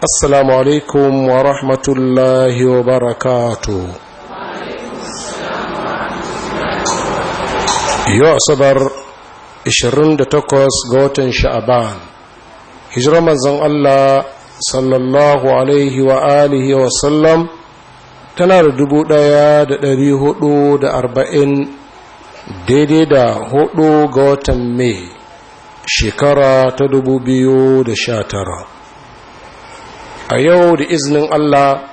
assalamu alaikum wa rahmatullahi wa barakatu yau asabar 28 ga watan sha'aban hijirar manzon Allah sallallahu alaihi wa wa sallam tana da dubu ɗaya da ɗari hudu da arba'in daidai da hudu ga watan mai shekara ta dubu biyu da sha tara a yau da izinin Allah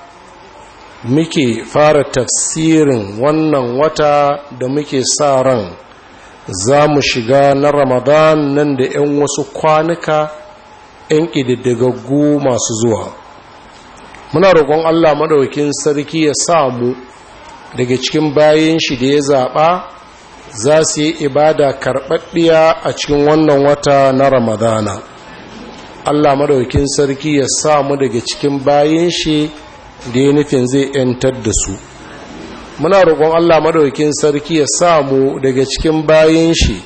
muke fara tafsirin wannan wata da muke sa ran za mu shiga na ramadan nan da 'yan wasu kwanuka 'yan ƙididdigaggu masu zuwa muna roƙon allah maɗaukin sarki ya samu daga cikin bayan shi da ya zaɓa za su yi ibada karɓaɗɗiya a cikin wannan wata na ramadana Allah madaukin sarki ya sa daga cikin bayan shi da ya nufin zai ‘yantar da su muna roƙon Allah madaukin sarki ya sa daga cikin bayan shi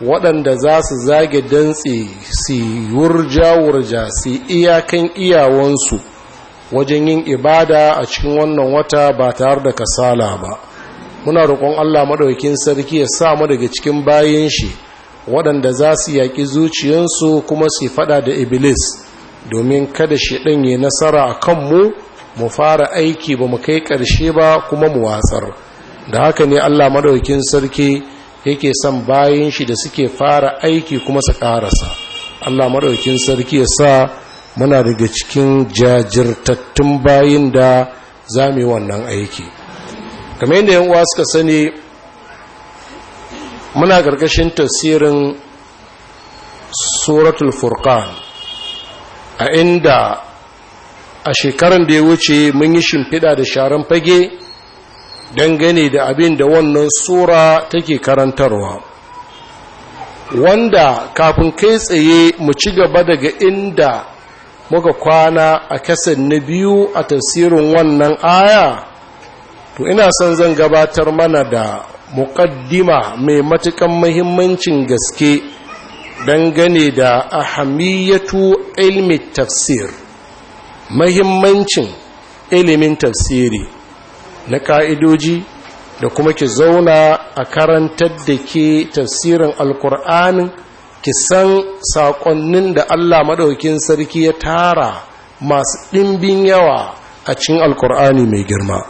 waɗanda za su zage dantse su wurja-wurja su iyakan iyawansu wajen yin ibada a cikin wannan wata ba tare da kasala ba muna roƙon Allah madaukin sarki ya sa daga cikin bayan shi waɗanda za su yaƙi zuciyarsu kuma su faɗa da iblis domin kada shi ɗan yi nasara a kanmu mu fara aiki ba mu kai ƙarshe ba kuma mu watsar da haka ne allah maɗaukin sarki yake son bayan shi da suke fara aiki kuma su ƙarasa allah maɗaukin sarki ya sa muna daga cikin jajirtattun bayin da za mu yi wannan aiki kamar yadda yan uwa suka sani muna gargashin tasirin suratul furqan a inda a shekarun da ya wuce mun yi shimfiɗa da sharan fage dangane da abin da wannan sura take karantarwa wanda kafin kai tsaye mu ci gaba daga inda muka kwana a kasar na biyu a tasirin wannan aya to ina son zan gabatar mana da muƙaddima mai matuƙan mahimmancin gaske dangane da ahamiyatu ilmi tafsir mahimmancin ilimin tafsiri na ka'idoji da kuma ki zauna a karantar da ke tafsirin alkur'anin ki san saƙonnin da allah maɗaukin sarki ya tara masu ɗimbin yawa a cikin alkur'ani mai girma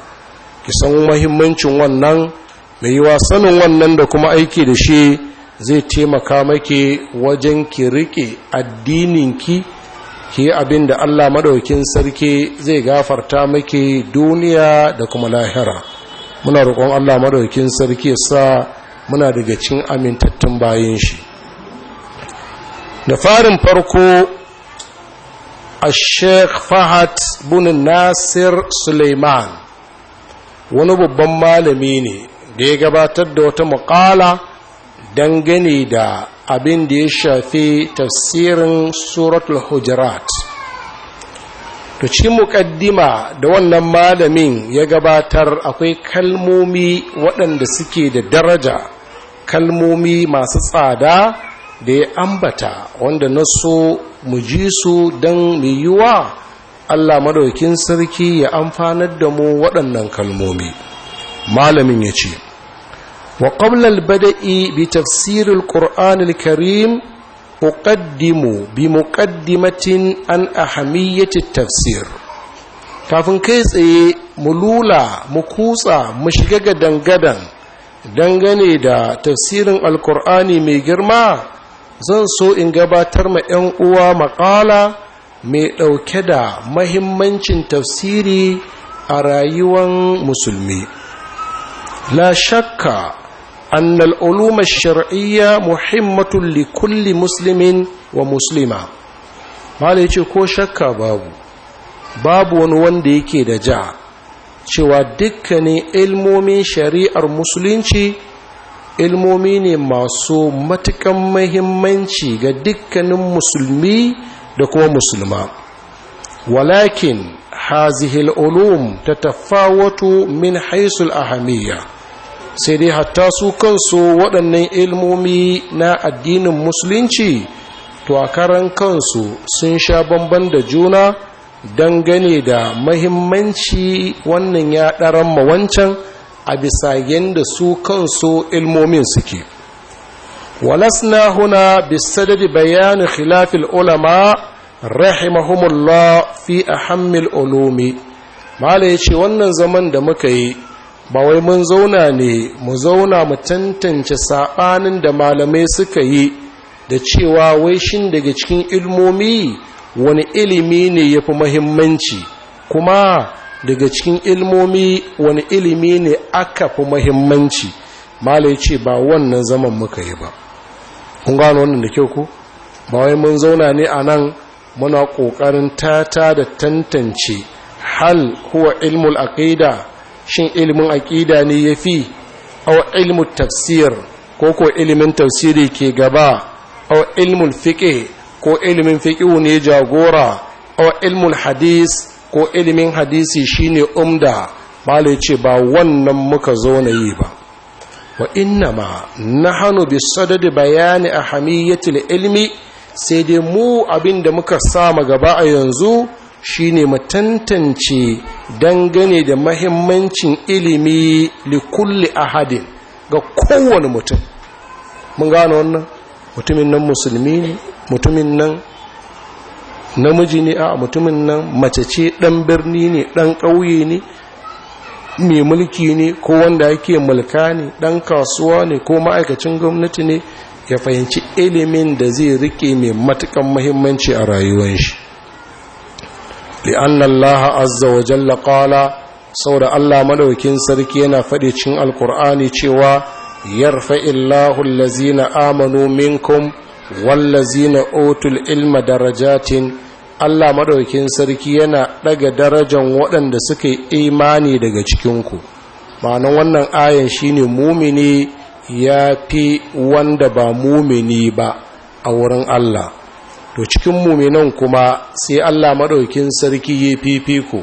ki san mahimmancin wannan mai yi sanin wannan da kuma aiki da shi zai taimaka maki wajen ki rike addininki ki abin da Allah maɗaukin sarki zai gafarta maki duniya da kuma lahira muna roƙon Allah maɗaukin sarki ya sa muna daga cin amintattun bayan shi da farin farko a Sheikh Fahad bunin Nasir Suleiman, wani babban malami ne da ya gabatar da wata muƙala dangane da abin da ya shafi tafsirin suratul hujarat to ci muƙaddima da wannan malamin ya gabatar akwai kalmomi waɗanda suke da daraja kalmomi masu tsada da ya ambata wanda na so mu ji su don mai yiwuwa Allah madaukin sarki ya amfanar da mu waɗannan kalmomi malamin ya ce وقبل البدء بتفسير القرآن الكريم أقدم بمقدمة عن أهمية التفسير kafin kai tsaye mu lula mu kutsa mu shiga gadangadan dangane da tafsirin alkur'ani mai girma zan so in gabatar ma 'yan uwa makala mai ɗauke da mahimmancin tafsiri a rayuwan musulmi la shakka أن العلوم الشرعية مهمة لكل wa ومسلمة Malam yace ko shakka babu babu wani wanda yake da ja cewa dukkanin ilmomin shari'ar musulunci ilmomi ne masu matukan mahimmanci ga dukkanin musulmi da kuma musulma walakin hazihil ulum ta tafawatu min haisul ahamiyya sai dai hatta su kansu waɗannan ilmomi na addinin musulunci to a karan kansu sun sha bamban da juna dangane da mahimmanci wannan ya ɗaran mawancan, a bisa yadda su kansu ilmomin suke walasna huna bisadadi bayanin khilafil ulama rahimahumullah fi a ahammil ulumi Malam ya ce wannan zaman da muka yi ba wai mun zauna ne mu zauna mu tantance saɓanin da malamai suka yi da cewa wai shin daga cikin ilmomi wani ilimi ne ya fi mahimmanci kuma daga cikin ilmomi wani ilimi ne aka fi mahimmanci malai ce ba wannan zaman muka yi ba kun gano wannan da kyau ku ba wai mun zauna ne a nan muna ƙoƙarin tata da tantance hal kuwa ilmul aqida shin ilimin aƙida ne ya fi au ilmu tafsir ko ko ilimin tafsiri ke gaba au ilmun fiƙe ko ilimin fiƙihu ne jagora au ilmun hadis ko ilimin hadisi shine umda malai ce ba wannan muka zo na yi ba wa inna ma nahanu bi sadadi bayani a hamiyyatul ilmi sai dai mu abin da muka sama gaba a yanzu Shi ne matantance dangane da mahimmancin ilimi li kulli ahadin ga kowane mutum mun gano wannan mutumin nan musulmi ne mutumin nan namiji ne a mutumin nan mace dan birni ne dan ƙauye ne mai mulki ne ko wanda yake mulka ne dan kasuwa ne ko ma'aikacin gwamnati ne ya fahimci ilimin da zai rike mai matukan mahimmanci a rayuwar shi لأن الله azza wa jalla سورة saboda allah maɗaukin sarki yana faɗi cin alkur'ani cewa yarfa illahu lazina amanu minkum wallazina otul ilma darajatin allah madaukin sarki yana ɗaga darajar waɗanda suka yi imani daga cikinku ma'anan wannan ayan shine mumini ya fi wanda ba mumini ba a wurin allah to cikin muminan kuma sai Allah maɗaukin sarki ya fifiko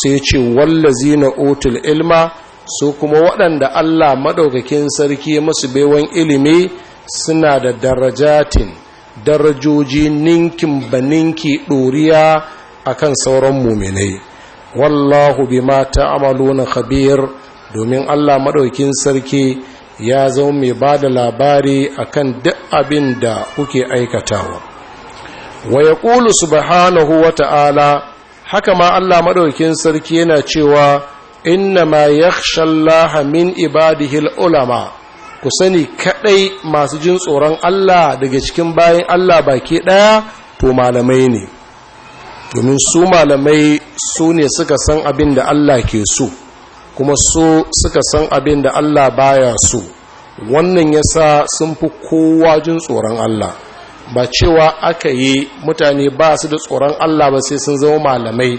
sai ce wallazi na otul ilma su kuma waɗanda Allah maɗaukakin sarki masu baiwan ilimi suna da darajatin darajoji ninkin ba ninki ɗoriya akan sauran muminai wallahu bi amalu na khabir domin Allah maɗaukin sarki ya zama mai ba da labari akan duk abin da kuke aikatawa wa ya ƙulu subhanahu wata'ala. wata'ala haka ma Allah maɗaukin sarki yana cewa inna ma ya shallaha min ibadihil ulama ku sani kaɗai masu jin tsoron Allah daga cikin bayan Allah baki ɗaya to malamai ne domin su malamai su ne suka san abin da Allah ke so kuma su suka san abin da Allah baya so wannan ya sa sun fi kowa jin tsoron Allah ba cewa aka yi mutane ba su da tsoron Allah ba sai sun zama malamai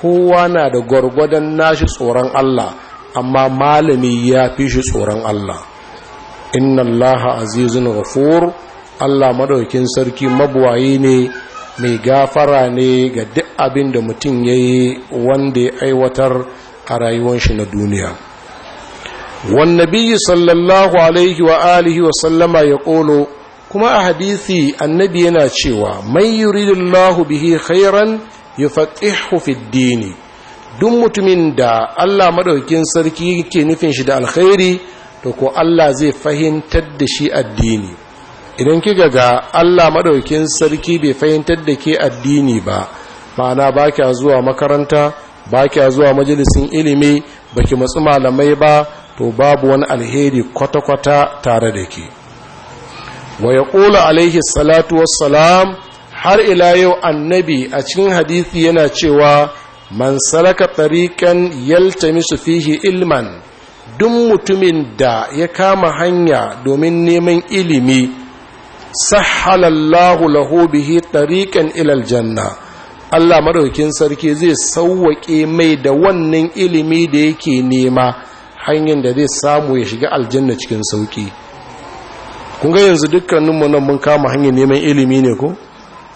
kowa na da gwargwadon nashi tsoron Allah amma malami ya fi shi tsoron Allah inna Allah azizun ghafur Allah madaukin sarki mabuwayi ne mai gafara ne ga duk abin da mutum ya yi wanda ya aiwatar a rayuwar shi na duniya wannabi sallallahu alaihi wa alihi wa sallama ya ƙolo kuma a hadisi annabi yana cewa mai yuridullahu bihi khairan yufaqihu fid dini duk mutumin da Allah maɗaukin sarki ke nufin shi da alkhairi to ko Allah zai fahimtar da shi addini idan kika ga Allah maɗaukin sarki bai fahimtar da ke addini ba ma'ana ba kya zuwa makaranta ba kya zuwa majalisin ilimi baki matsu malamai ba to babu wani alheri kwata-kwata tare da ke wa ya ƙola alaihi salatu wassalam har ila yau annabi a cikin hadithi yana cewa man salaka yalta yaltamisu fihi ilman duk mutumin da ya kama hanya domin neman ilimi sahhalallahu lahu bihi ilal janna janna Allah maɗaukin sarki zai sauwaƙe mai da wannan ilimi da yake nema hanyar da zai samu ya shiga aljanna cikin sauƙi. kun ga yanzu dukkaninmu nan mun kama hanyar neman ilimi ne ko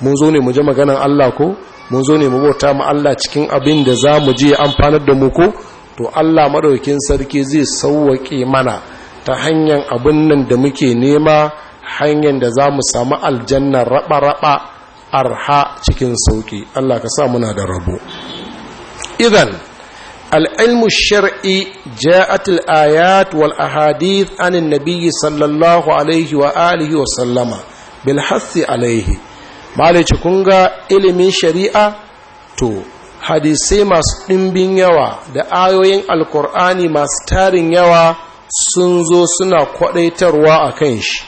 mun zo ne mu ji maganan Allah ko mun zo ne mu bauta mu Allah cikin abin da za mu je amfanar da mu ko to Allah madaukakin sarki zai sauwake mana ta hanyar abin nan da muke nema hanyar da za mu samu aljanna raba-raba arha cikin sauki Allah ka sa muna da rabo idan العلم الشرعي جاءت الآيات والأحاديث عن النبي صلى الله عليه وآله وسلم بالحث عليه ما عليك كنغا علم شريعة تو hadisai masu ɗimbin yawa da ayoyin alkur'ani masu tarin yawa sun zo suna kwaɗaitarwa a kan shi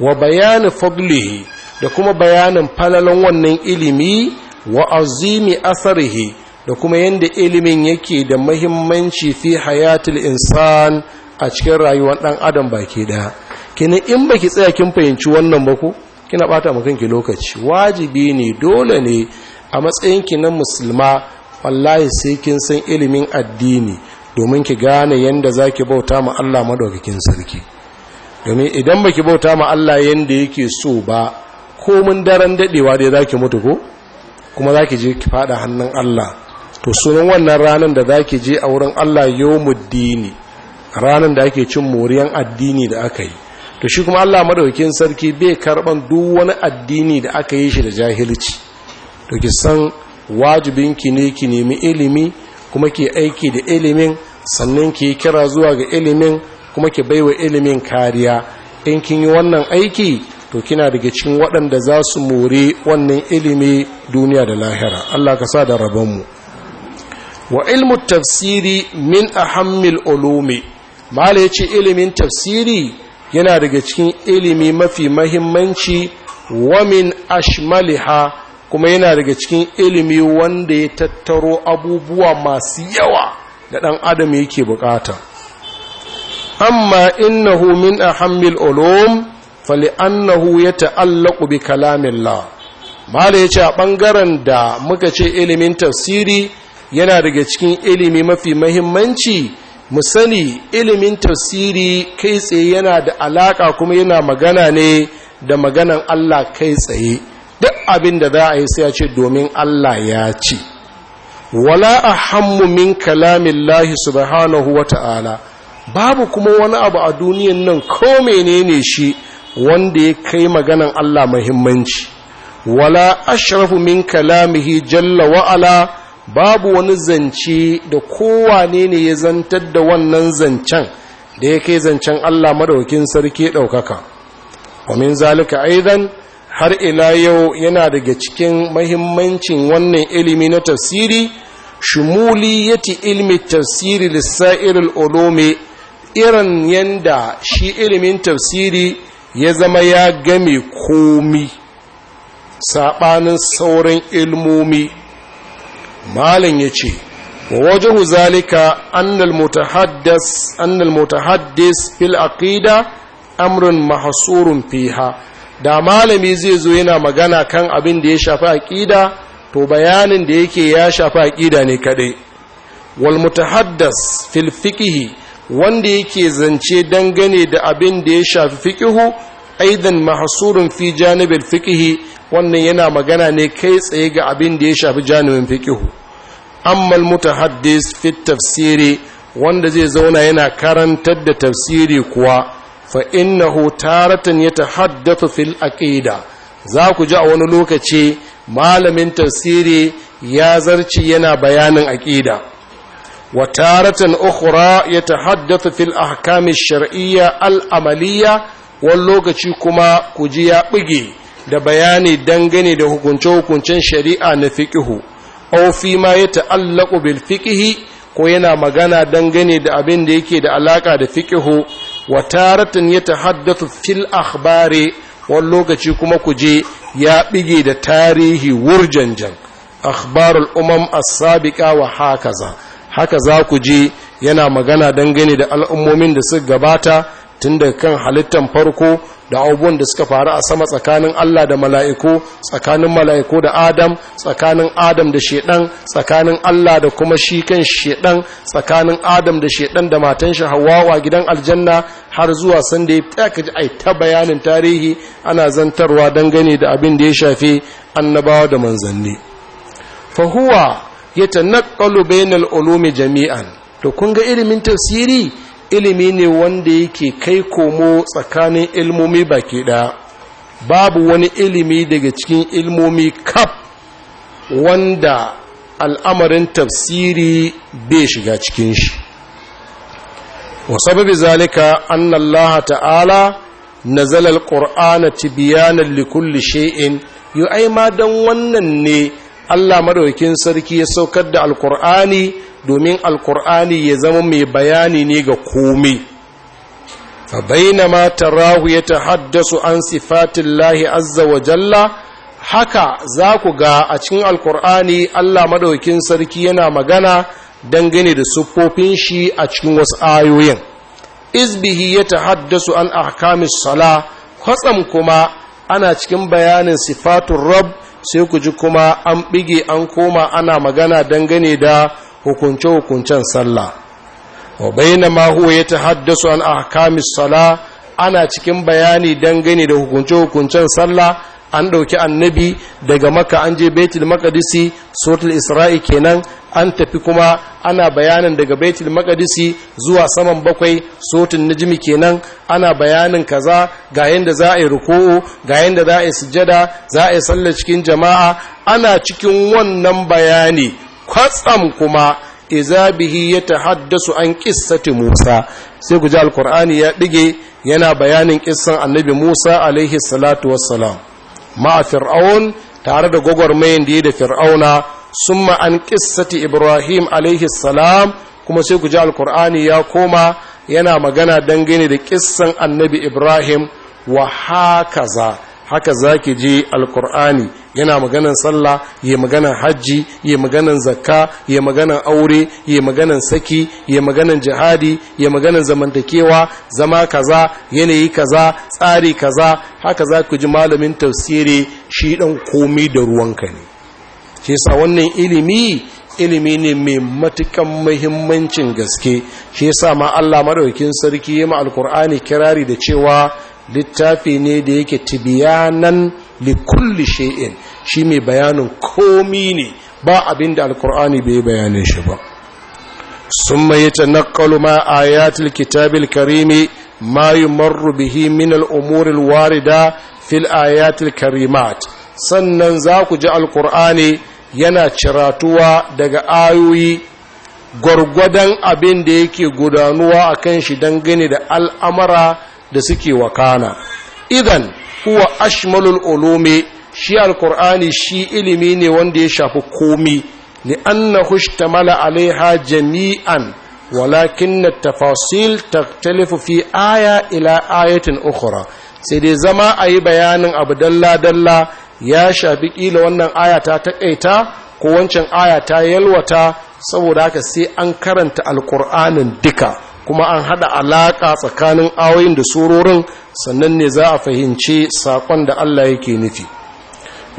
wa bayanin fablihi da kuma bayanin falalan wannan ilimi wa azimi asarihi da kuma yadda ilimin yake da mahimmanci fi hayatul insan a cikin rayuwar ɗan adam baki ɗaya kina in baki tsaya kin fahimci wannan ba ko kina bata ma kanki lokaci wajibi ne dole ne a matsayin ki na musulma wallahi sai kin san ilimin addini domin ki gane yadda zaki bauta ma Allah madaukakin sarki domin idan baki bauta ma Allah yadda yake so ba mun daren dadewa dai zaki mutu ko kuma zaki je ki fada hannun Allah to sunan wannan ranar da za ki je a wurin Allah muddini ranar da ake cin moriyan addini da aka yi to shi kuma Allah maɗaukin sarki bai karban duk wani addini da aka yi shi da jahilci to ki san wajibin ki ne ki nemi ilimi kuma ki aiki da ilimin sannan ki yi kira zuwa ga ilimin kuma ki baiwa ilimin kariya in kin yi wannan aiki to kina daga cikin waɗanda za su more wannan ilimi duniya da lahira Allah ka sa da rabonmu mu wa ilmu tafsiri min ahammil ulumi mala yace ilimin tafsiri yana daga cikin ilimi mafi mahimmanci wa min ashmaliha kuma yana daga cikin ilimi wanda ya tattaro abubuwa masu yawa da dan adam yake bukata amma innahu min ahammil ulum fali'annahu ya ta'allaku bi kalamin la mala ya ce a ɓangaren da muka ce ilimin tafsiri yana daga cikin ilimi mafi mahimmanci mu sani ilimin tasiri kai tsaye yana da alaka kuma yana magana ne da maganan Allah kai tsaye duk abin da za a yi sai a ce domin Allah ya ce wala ahammu min kalamillahi subhanahu ta'ala babu kuma wani abu a duniyan nan ko menene shi wanda ya kai maganan Allah mahimmanci wala ashrafu min kalamihi jalla wa'ala babu wani zance da kowane ne ya zantar da wannan zancen da ya kai zancen Allah madaukin sarki ɗaukaka wamin zalika aidan har ila yau yana daga cikin mahimmancin wannan ilimi na tafsiri yati, ilmi tafsiri lissairil ulumi irin yanda shi ilimin tafsiri ya zama ya game komi saɓanin sauran ilmomi malam ya ce wajen zalika annal mutahaddis fil aqida amrun mahsurun fiha da malami zai zo yana magana kan abin da ya shafi aƙida, to bayanin da yake ya shafi aƙida ne kaɗai, wal mutahaddas fil fiƙihi, wanda yake zance dangane da abin da ya shafi fiƙihu? aidan mahsurun fi janibil fiqhi wannan yana magana ne kai tsaye ga abin da ya shafi janibin fiqhu amma mutahaddis fi tafsiri wanda zai zauna yana karantar da tafsiri kuwa fa innahu taratan yatahaddathu fil aqida za ku ji a wani lokaci malamin tafsiri ya zarci yana bayanin aqida wa taratan ukhra yatahaddathu fil ahkam shariyya al-amaliyya wani lokaci kuma ku ji ya ɓige da bayani dangane da hukunce-hukuncen shari'a na fiƙihu au ma ya ta'allaku bil fiƙihi ko yana magana dangane da abin da yake da alaƙa da fiƙihu wa taratin ya haddatu fil akhbari wani lokaci kuma ku je ya ɓige da tarihi wurjanjan akhbarul umam as-sabiqa wa hakaza haka za ku je yana magana dangane da al'ummomin da suka gabata tun da kan halittar farko da abubuwan da suka faru a sama tsakanin Allah da mala'iku tsakanin mala'iku da Adam tsakanin Adam da shedan tsakanin Allah da kuma shi kan shedan tsakanin Adam da shedan da matan shi hawawa gidan aljanna har zuwa sanda da ya taka ji ta bayanin tarihi ana zantarwa dangane da abin da ya shafi annabawa da manzanni ya ta bainal ulumi jami'an to kun ga ilimin tafsiri ilimi ne wanda yake kai komo tsakanin ilmomi baki ɗaya babu wani ilimi daga cikin ilmomi kaf wanda al'amarin tafsiri bai shiga cikin shi wasababi zalika annallaha ta'ala nazalal qur'ana tibyanan likulli shay'in yu aima dan wannan ne Allah madaukakin sarki ya saukar da alkur'ani domin alkur'ani ya zama mai bayani ne ga komai fa bainama tarahu yatahaddasu an sifatillahi azza wa jalla haka za ku ga a cikin alkur'ani Allah madaukakin sarki yana magana dangane da siffofin shi a cikin wasu ayoyin izbihi yatahaddasu an ahkamis sala kwatsam kuma ana cikin bayanin sifatun rabb sai ku ji kuma an ɓige an koma ana magana dangane da hukunce-hukuncen sallah wa bayyana ma huwa ya haddasa an ahkamis sala ana cikin bayani dangane da hukunce-hukuncen sallah an ɗauki annabi daga maka an je betul makadisi sotul isra'i kenan an tafi kuma ana bayanin daga betul makadisi zuwa saman bakwai sotul najimi kenan ana bayanin kaza ga yadda za a yi ruku'u ga yadda za a yi sujjada za a yi sallar cikin jama'a ana cikin wannan bayani kwatsam kuma izabihi ya ta tahaddasu an kissati Musa sai ku ji alkur'ani ya dige yana bayanin kissan annabi Musa alaihi salatu wassalam ma fir'aun tare da gwagwarmayin da ya da fir'auna summa an qissati ibrahim alaihi salam kuma sai ku ji alkur'ani ya koma yana magana dangane da kissan annabi ibrahim wa hakaza haka zaki je alkur'ani yana maganan sallah ya maganan hajji ya maganan zakka ya maganan aure ya maganan saki ya maganan jihadi ya maganan zamantakewa zama kaza yanayi kaza tsari kaza haka za ku ji malamin tafsiri shi dan komai da ruwanka ne shi sa wannan ilimi ilimi ne mai matukan muhimmancin gaske shi yasa ma Allah madaukakin sarki ya ma alkur'ani kirari da cewa littafi ne da yake tibiyanan likulli shay'in shi mai bayanin komi ne ba abin da alkur'ani bai bayanin shi ba sun mai ta nakalu ma ayatul kitabil karimi ma yumarru bihi min warida fil ayatul karimat sannan za ku ji alkur'ani yana ciratuwa daga ayoyi gwargwadon abin da yake gudanuwa a kan shi dangane da al'amara da suke wakana idan huwa ashmalul ulumi shi alkur'ani shi ilimi ne wanda ya shafi komi li anna hushtamala alaiha jami'an walakin na tafasil taktalifu fi aya ila ayatin ukhra sai dai zama a yi bayanin abu dalla-dalla ya shafi ƙila wannan ayata ta taƙaita ko wancan aya ta yalwata saboda haka sai an karanta alkur'anin duka kuma an hada alaka tsakanin awoyin da surorin sannan ne za a fahimci sakon da Allah yake nufi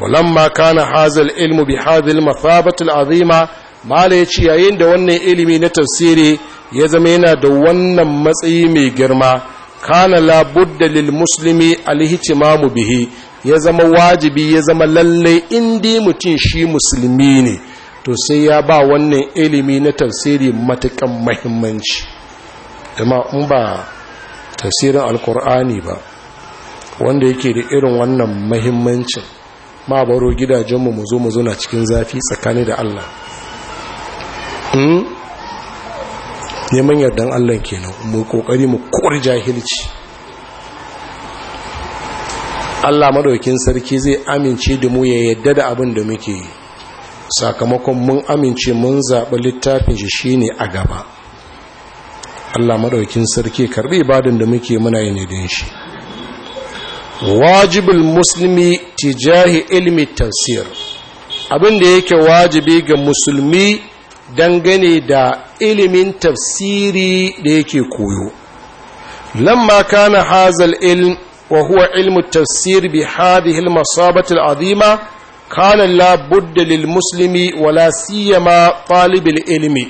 walamma kana hazal ilmu bi hadhil mathabati al'azima mala yace yayin da wannan ilimi na tafsiri ya zama yana da wannan matsayi mai girma kana la budda lil muslimi alhitimamu bihi ya zama wajibi ya zama lalle indi mutum shi musulmi ne to sai ya ba wannan ilimi na tafsiri matakan muhimmanci amma in ba tasirin alkur'ani ba wanda yake da irin wannan mahimmancin ma baro gidajenmu mu zo mu zo na cikin zafi tsakani da Allah hmm? neman yardan Allah kenan mu kokari mu kore jahilci Allah madaukin sarki zai amince da mu ya yadda da abin da muke sakamakon mun amince mun zaɓi littafin shi shine a gaba Allah madaukin sarki karbi ibadan da muke muna yin idin shi wajibul muslimi tijahi ilmi tafsir abin da yake wajibi ga musulmi dangane da ilimin tafsiri da yake koyo lamma kana hazal ilm wa huwa ilmu tafsir bi hadhihi al-masabati al-azima kana la budda lil muslimi wa la siyama talib ilmi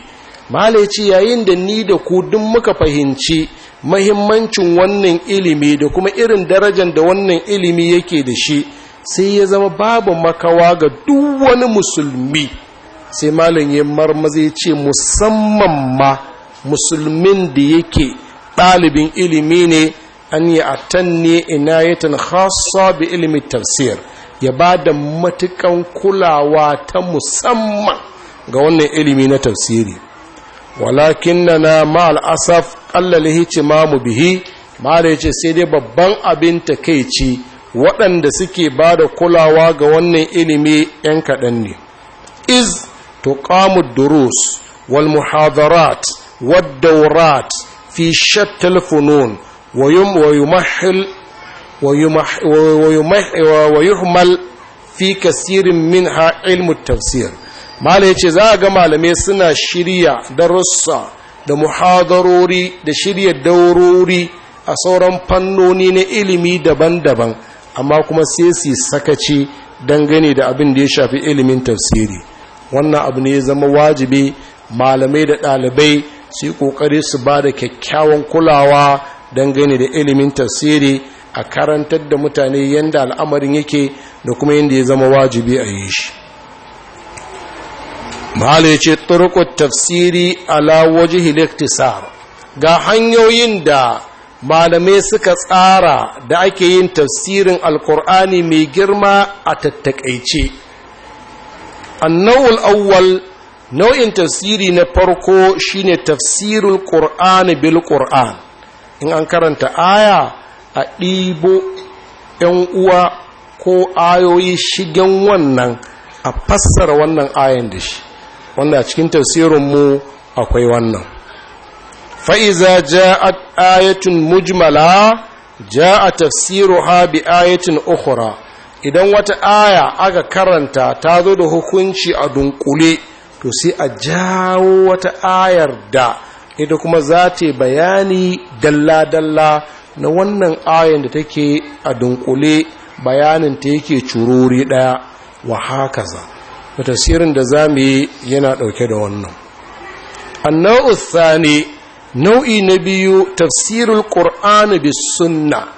malaci ya yayin da ni da ku duk muka fahimci mahimmancin wannan ilimi da kuma irin darajar da wannan ilimi yake da shi sai ya zama babu makawa ga duk wani musulmi sai malam ya marmaza ya ce musamman ma musulmin da yake ɗalibin ilimi ne an yi a yi inayatan khassa bi ilimin tafsir ya ba da matukan kulawa ta musamman ga wannan ilimi na tafsiri na ma'al asaf qallalihi mu bihi mare sai dai babban abin takaici waɗanda suke ba da kulawa ga wannan ilimi ‘yan kaɗan ne iz tuqamu durus wal muhadarat wad fi shattal funun wa yumahil wa fi kasirin minha ilmu tafsir mala ya ce za a ga malamai suna shirya darussa da muhadarori da shirya daurori a sauran fannoni na ilimi daban-daban amma kuma sai su sakaci dangane da abin da ya shafi ilimin tafsiri wannan abu ne ya zama wajibi malamai da ɗalibai su yi ƙoƙari su ba da kyakkyawan kulawa dangane da ilimin tafsiri a karantar da mutane yadda al'amarin yake da kuma yadda ya zama wajibi a yi shi mahala ya ce turkut tafsiri ala wajihi liktisar ga hanyoyin da malamai suka tsara da ake yin tafsirin alkur'ani mai girma a tattakaice annawul awwal nau'in tafsiri na farko shine tafsirul qur'ani bil qur'an in an karanta aya a ɗibo 'yan uwa ko ayoyi shigen wannan a fassara wannan ayan da shi wanda a cikin mu akwai wannan fa'iza ja a ayatun mujmala ja tafsiru tafsiru bi ayatun ukura idan wata aya aka karanta ta zo da hukunci a dunkule to sai a jawo wata ayar da ita kuma za ta bayani dalla-dalla na wannan ayan da take a dunkule bayanin ta yake cururi ɗaya wa haka za tasirin da za mu yi yana ɗauke da wannan annau tsani nau'i na biyu tafsirul ƙur'ani bi sunna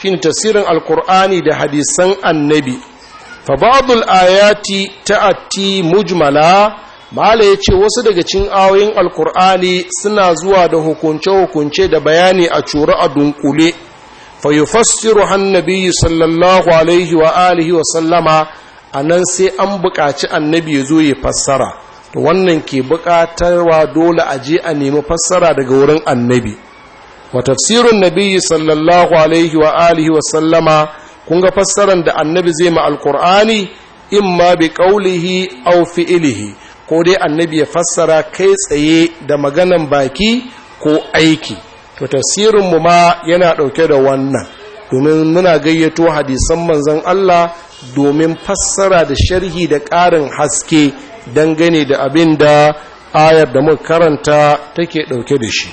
shi ne tafsirin alƙur'ani da hadisan annabi fa ba'dul ayati ta'ati mujmala mala ya ce wasu daga cin ayoyin alƙur'ani suna zuwa da hukunce-hukunce da bayani a cura a dunkule fa yufassiru hannabi sallallahu alaihi wa alihi wa sallama a nan sai an buƙaci annabi ya zo ya fassara to wannan ke buƙatarwa dole a je a nemi fassara daga wurin annabi wa tafsirun nabiyyi sallallahu alaihi wa alihi wa sallama kun ga fassaran da annabi zai ma alqur'ani ma bi qawlihi aw fi'lihi ko dai annabi ya fassara kai tsaye da maganan baki ko aiki to tafsirin mu ma yana ɗauke da wannan domin muna gayyato hadisan manzon Allah domin fassara da sharhi da ƙarin haske dangane da abin da ayar da muka karanta take ɗauke da shi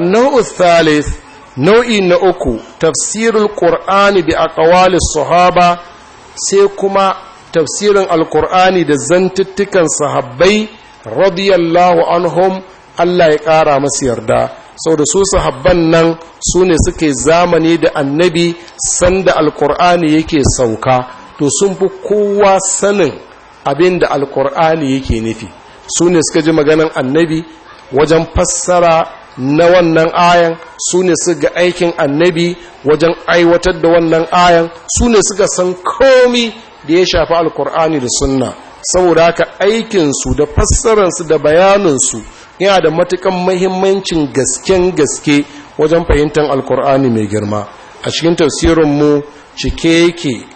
nau'u thalith nau'i na uku tafsirul qur'ani bi aqwali sahaba sai kuma tafsirin alqur'ani da zantuttukan sahabbai radiyallahu anhum Allah ya ƙara masu yarda sau da su sahabban nan su ne suke zamani da annabi sanda alkur'ani yake sauka to sun fi kowa sanin abin da alkur'ani yake nufi su ne suka ji maganan annabi wajen fassara na wannan ayan su ne su ga aikin annabi wajen aiwatar da wannan ayan su ne suka san komi da ya shafi alkur'ani da sunna saboda haka aikinsu da fassararsu da bayaninsu yana da matukan mahimmancin gasken gaske wajen fahimtar alkur'ani mai girma a cikin tafsirinmu cike yake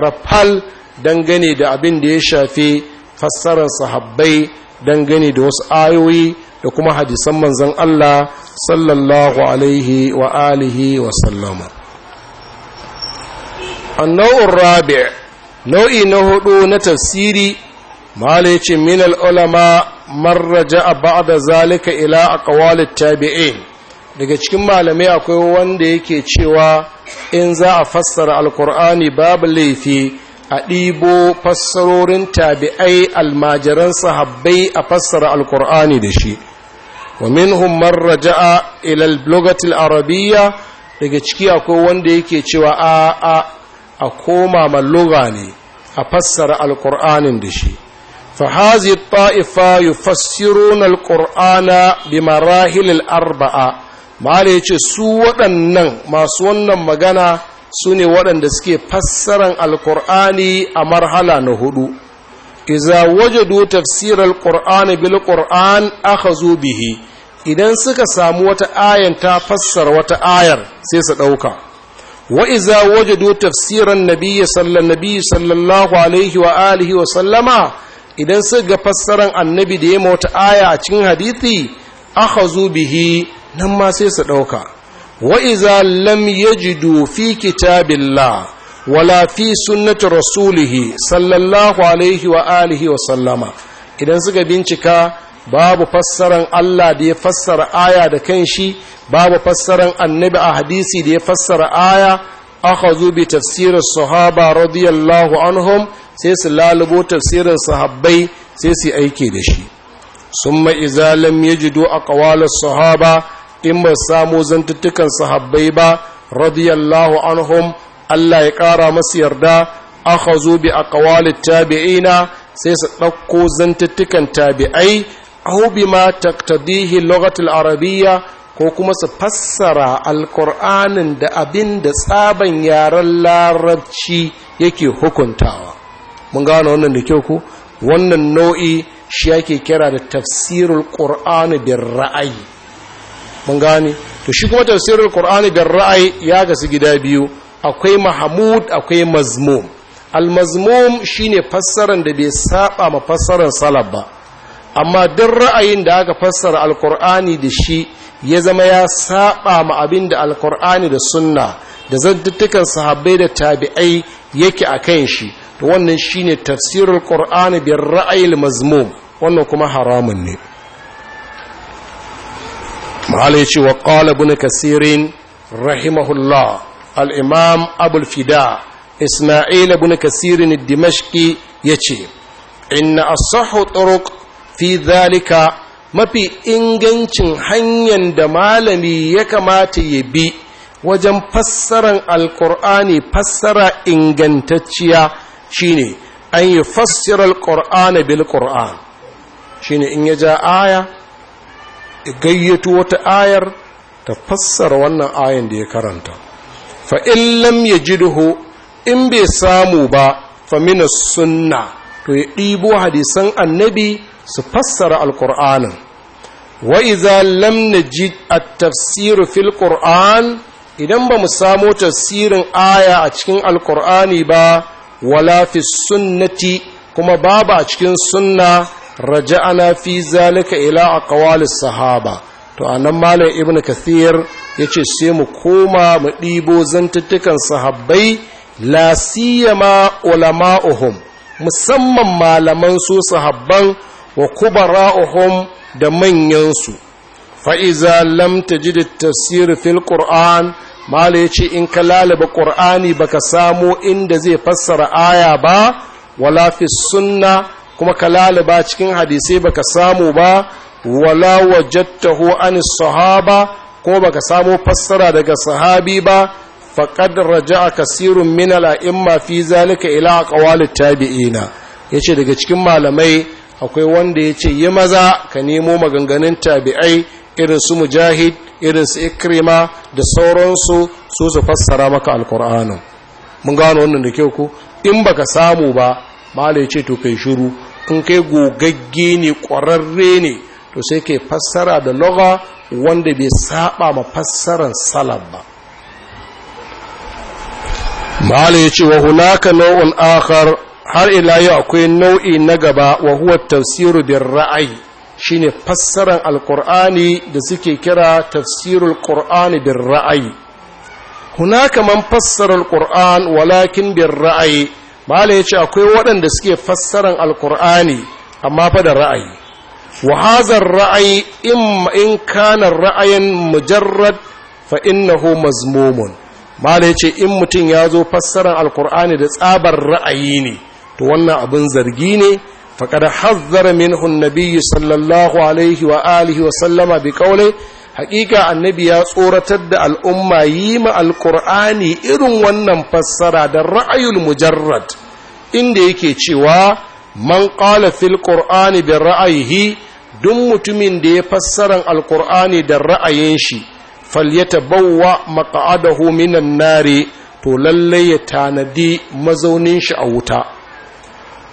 don dangane da abin da ya shafi fassarar sahabbai dangane da wasu ayoyi da kuma hadisan manzan Allah sallallahu alaihi wa alihi wa sallama annau'ur rabi' nau'i na hudu na tafsiri malai ce minal ulama marraja a ba'da zalika ila aqwalit tabi'in daga cikin malamai akwai wanda yake cewa in za a fassara alkur'ani babu laifi a ɗibo fassarorin tabi'ai almajiran sahabbai a fassara alkur'ani da shi wa minhum man raja'a ila al-lughati arabiyya daga ciki akwai wanda yake cewa a a a koma ma ne a fassara alkur'anin da shi فهذه الطائفة يفسرون القرآن بمراحل الأربعة ما ليش سوى النن ما سوى مغانا سوني ودن دسكي فسرا القرآن أمرحلة نهدو إذا وجدوا تفسير القرآن بالقرآن أخذوا به idan suka samu wata ayan ta fassar wata ayar sai su ɗauka wa iza wajadu tafsiran nabiyyi sallallahu alaihi wa alihi wa sallama idan su ga fassaran annabi da ya mota aya a cikin hadithi aka zo bihi nan ma sai su ɗauka wa'iza lam yajidu fi kitabillah wala fi sunnati rasulihi sallallahu alaihi wa alihi wa sallama idan suka bincika babu fassaran Allah da ya fassara aya da kanshi, babu fassaran annabi a hadisi da ya fassara aya aka zo bi tafsirin sahaba radiyallahu anhum sai su lalubo tafsirin sahabbai sai su aiki da shi sun ma'iza lam yajidu a kawalar sahaba in ba samu zantuttukan sahabbai ba radiyallahu anhum Allah ya ƙara masu yarda aka zo bi a kawalar tabi'ina sai su ɗauko zantuttukan tabi'ai au bi ma taktadihi lokacin arabiya ko kuma su fassara alkur'anin da abin da tsaban yaren larabci yake hukuntawa mun gano wannan da kyau ko wannan nau'i shi yake kira da tafsirul qur'ani bir ra'ayi mun gane to shi kuma tafsirul qur'ani bir ra'ayi ya gasu gida biyu akwai mahmud akwai mazmum al mazmum shine fassaran da bai saba ma fassaran salaf ba amma duk ra'ayin da aka fassara alkur'ani da shi ya zama ya saba ma abin da alkur'ani da sunna da zantuttukan sahabbai da tabi'ai yake a kan shi to wannan shine tafsirul qur'ani biyar ra'ayil mazmum wannan kuma haramun ne mahala yace wa qala ibn kasirin rahimahullah al-imam abul fida isma'il ibn kasirin ad-dimashqi yace inna as-sahhu turuq fi dhalika mafi ingancin hanyar da malami ya kamata ya bi wajen fassaran alkur'ani fassara ingantacciya shine an yi fassirar ƙor'ana bil ƙor'an shine in ya ja aya ya gayyato wata ayar ta fassara wannan ayan da ya karanta fa in lam duhu in bai samu ba fa min sunna to ya ɗibo hadisan annabi su fassara alƙur'anin wa iza lam ji a tafsiru fil idan ba mu samu tafsirin aya a cikin alƙur'ani ba wala fi sunnati kuma babu a cikin sunna raja'ana fi zalika ila aqwalis sahaba to anan malam ibn kathir yace sai mu koma mu dibo zantuttukan sahabbai la siyama ulama'uhum musamman malaman su sahabban wa kubara'uhum da manyansu fa'iza lam tajid tafsir fil qur'an mala ya ce in ka lalaba ƙur'ani baka samo inda zai fassara aya ba wala fi sunna kuma ka lalaba cikin hadisai baka samu ba wala wajadtahu an sahaba ko baka samo fassara daga sahabi ba faqad raja'a kasirun min al-a'imma fi zalika ila aqwali tabi'ina yace daga cikin malamai akwai wanda yace yi maza ka nemo maganganun tabi'ai irin su mujahid irin su ikrima da sauransu su su fassara maka alkur'anin mun gano wannan da kyau ko in baka samu ba malai ce to kai shiru in kai gogagge ne ƙwararre ne to sai kai fassara da loga wanda bai saba ma fassaran salam ba malai ce wa hulaka nau'in akhar har ila yau akwai nau'i na gaba wa huwa tafsiru bir ra'ayi shine fassarar alkur'ani da suke kira tafsirul qur'ani bin ra'ayi hunaka man fassara alkur'an walakin bin ra'ayi mala yace akwai waɗanda suke fassaran alkur'ani amma fa da ra'ayi wa hadha ra'ayi imma in kana ra'ayin mujarrad fa innahu mazmumun mala yace in mutum ya zo fassarar alkur'ani da tsabar ra'ayi ne to wannan abin zargi ne faƙada hazzara minhu nabiyyu sallallahu alaihi wa alihi wa sallama bi ƙaule haƙiƙa annabi ya tsoratar da al'umma yi ma alƙur'ani irin wannan fassara da ra'ayul mujarrad inda yake cewa man ƙala fil ƙur'ani da ra'ayihi duk mutumin da ya fassaran alƙur'ani da ra'ayin shi falyata bawwa maƙa'adahu minan nare to lallai ya tanadi mazaunin shi a wuta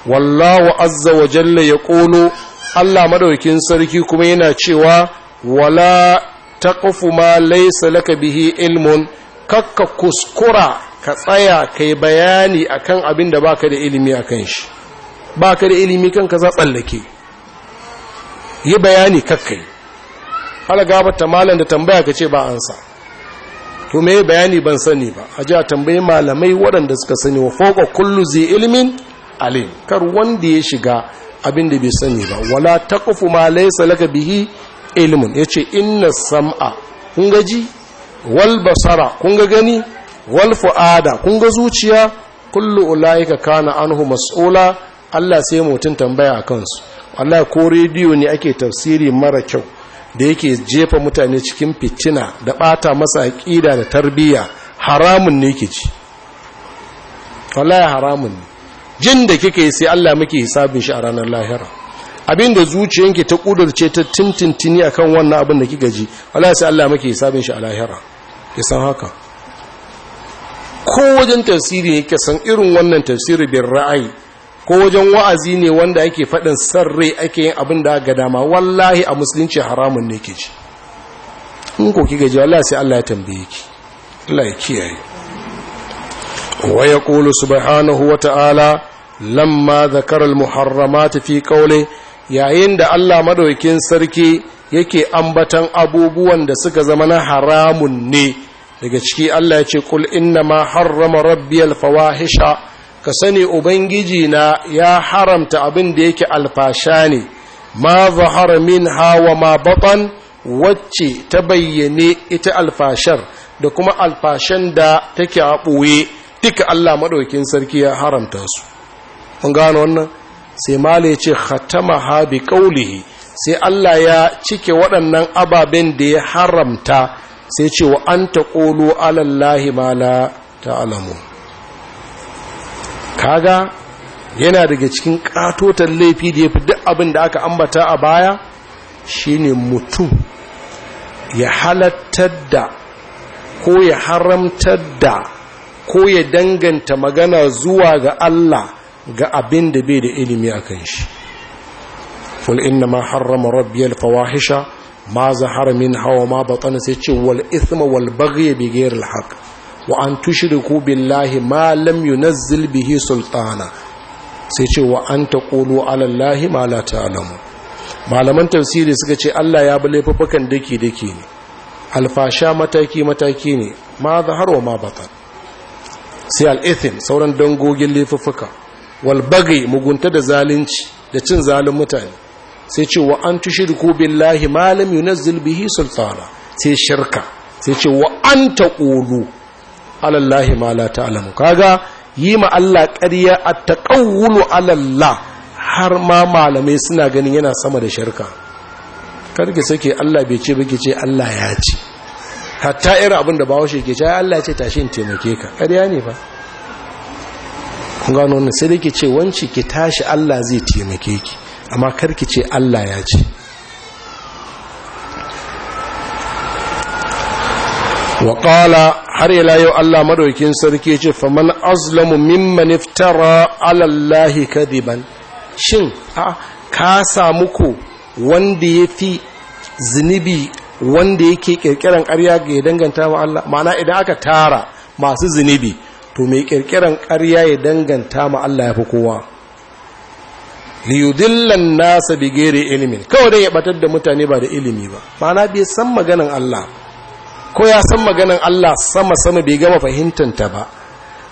wallahu azza wa jalla ya ƙolo allah madaukin sarki kuma yana cewa wala taqfu ma laysa laka bihi ilmun kakka kuskura ka tsaya kai bayani akan abin da ba ka da ilimi akan shi ba ka da ilimi kanka za tsallake yi bayani kakkai hala gabata malam da tambaya ka ce ba ansa to me bayani ban sani ba a ji a tambayi malamai waɗanda suka sani wa fauka kullu zai ilimin alim kar wanda ya shiga abin da bai sani ba wala taqfu ma laysa laka bihi ilmun yace inna sam'a kun ga ji wal basara kun ga gani wal fuada kun ga zuciya kullu ulaika kana anhu mas'ula Allah sai mutun tambaya a kansu Allah ko rediyo ne ake tafsiri mara kyau da yake jefa mutane cikin fitina da bata masa aqida da tarbiyya haramun ne yake ji wallahi haramun ne jin da kika yi sai Allah muke hisabin shi a ranar lahira abin da zuciyanki ta kudurce ta tintintini akan wannan abin da kika ji wala sai Allah muke hisabin shi a lahira ya san haka ko wajen tafsiri ne ka san irin wannan tafsiri bin ra'ayi ko wajen wa'azi ne wanda ake faɗin san rai ake yin abin da ga dama wallahi a musulunci haramun ne ke ji in ko kika ji wala sai Allah ya tambaye ki Allah ya kiyaye ويقول سبحانه وتعالى لما ذكر المحرمات في قوله yayin da Allah madaukin sarki yake ambatan abubuwan da suka zama na haramun ne daga ciki Allah ya ce kul inna ma harrama rabbiyal fawahisha ka sani ubangiji na ya haramta abin da yake alfasha ne ma zahara min hawa ma batan wacce ta bayyane ita alfashar da kuma alfashan da take a ɓoye duka Allah maɗaukin sarki ya haramta su mun gano wannan sai ce yace khatamaha bi qawlihi sai Allah ya cike waɗannan ababen da ya haramta sai ce wa an taqulu ala allahi ma la ta'lamu kaga yana daga cikin katotan laifi da yafi duk abin da aka ambata a baya shine mutum ya halattar da ko ya haramtar da ko ya danganta magana zuwa ga Allah ga abin da bai da ilimi a kan shi ful inna ma harrama rabbiyal fawahisha ma zahara min hawa ma batana sai ce wal ithma wal baghy bi al haqq wa an tushriku billahi ma lam yunzil bihi sultana sai ce wa an taqulu ala allahi ma la ta'lamu malaman tafsiri suka ce Allah ya bi laifukan dake dake ne alfasha mataki mataki ne ma zahara wa ma batana sai al'ithim sauran dangogin laifuffuka walbage mugunta da zalunci da cin zalun mutane sai ce wa an tushirku billahi malam yunazzil bihi sultana sai shirka sai ce wa an taqulu alallahi ma la ta'lamu kaga yi ma Allah ƙarya a taqawulu alalla har ma malamai suna ganin yana sama da shirka karki sake Allah bai ce baki ce Allah ya ce hatta irin abin da bahaushe ke cewa Allah ce tashi in taimake ka ƙarya ne ba. kun gano wannan sai dai ke ce wanci ki tashi Allah zai taimake ki amma kar ki ce Allah ya ce wa qala har ila yau Allah madaukin sarki ce faman azlamu mimman iftara ala Allah kadiban shin a ka samu ku wanda fi zunubi wanda yake kirkiran ƙarya ga ya danganta wa Allah ma'ana idan aka tara masu zunubi to mai kirkiran ƙarya ya danganta ma Allah ya fi kowa liyudillan nasa bigere ilimin kawai dai ya batar da mutane ba da ilimi ba ma'ana bai san maganan Allah ko ya san maganan Allah sama sama bai gama fahimtanta ba